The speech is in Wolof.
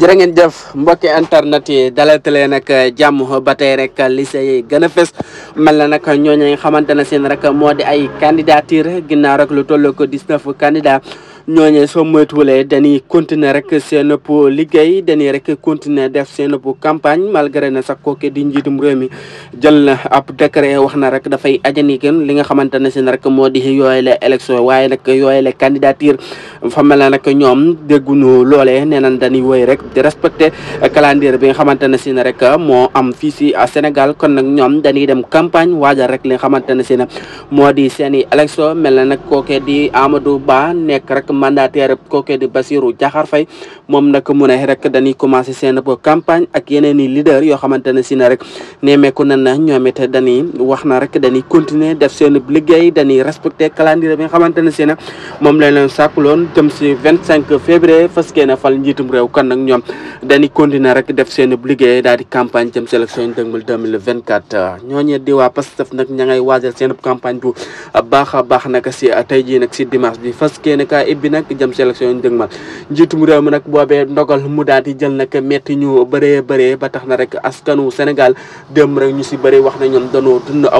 jërë ngeen jëf mbokki internet yi dalatalee nag jàmm ba tey rek lycée yi a fës mel na nag ñooñu nga xamante ne seen rek moo di ay candidature ginnaaw rek lu toll ko 19 candidats. ñooñee soo moytuwulee dañuy continuer rek seen po liggéey dañuy rek continuer def seen po campagne malgré na sax kooke di njiitum réew mi jël na ab décret wax na rek dafay ajani kenn li nga xamante ne si rek moo di yooyu la élection waaye nag yooyu la fa mel na nag ñoom dégguñu loolee nee nañ dañuy woy rek di respecter calendrier bi nga xamante ne si ne rek moo am fii si Sénégal kon nag ñoom dañuy dem campagne waajal rek li nga xamante ne si ne moo di seeni i élection mel na nag di Amadou Ba nekk rek mandataire kooke di Bassirou Diakhar Faye moom nag mu ne rek dañuy commencé seen campagne ak leader yoo xamante ne si na rek neemeeku na na ñoom it dañuy wax na rek dañuy continuer def seen liggéey dañuy respecté calendrier bi nga xamante ne si na moom lañ leen sàkkuloon jëm si vingt cinq février fas fal njiitum réew kan nag ñoom dañuy continuer rek def seen liggéey daal campagne jëm si élection 2024 ñooñee di waa Pastef nag ña ngay waajal seen campagne bu baax baax nag dimanche bi ibbi bi nag jëm si élection yi ñu dëgmal njiitum réew ndogal mu daal di jël nag metti ñu bëree bëree ba tax na rek askanu Sénégal dem rek ñu si bëri wax na ñoom danoo dund